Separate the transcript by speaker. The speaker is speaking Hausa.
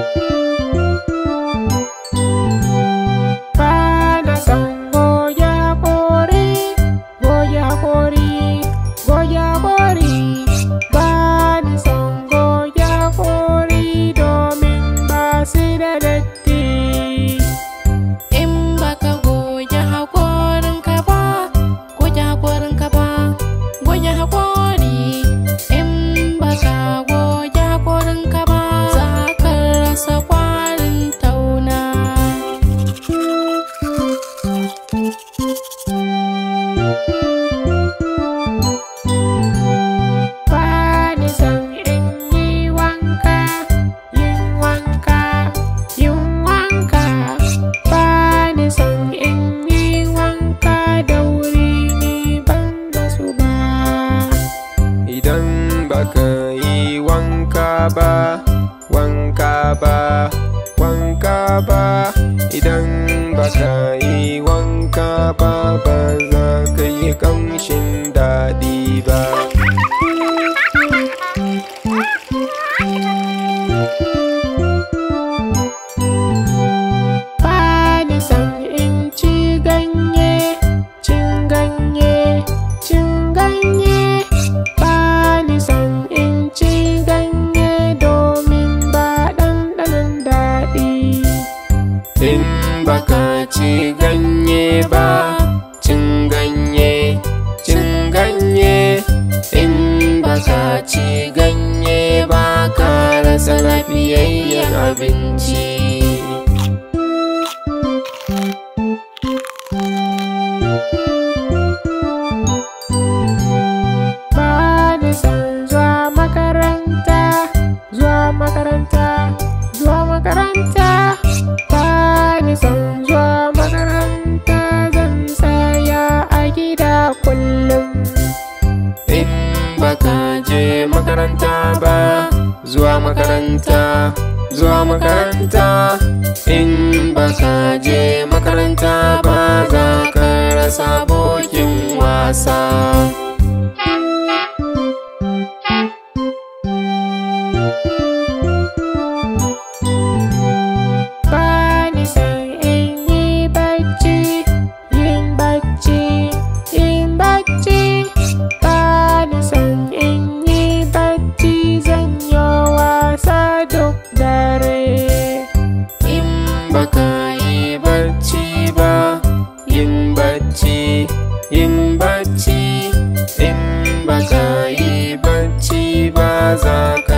Speaker 1: thank you baka yi wanka ba wanka ba wanka ba idan baka yi wanka ba ba za ka yi kamshin daɗi ba ci ganye ba cin ganye cin ganye in ba ka ci ganye ba ka rasa lafiyayyen abinci zuwa makaranta zuwa makaranta zuwa makaranta makaranta ba zuwa makaranta zuwa makaranta in ba saje. je Casa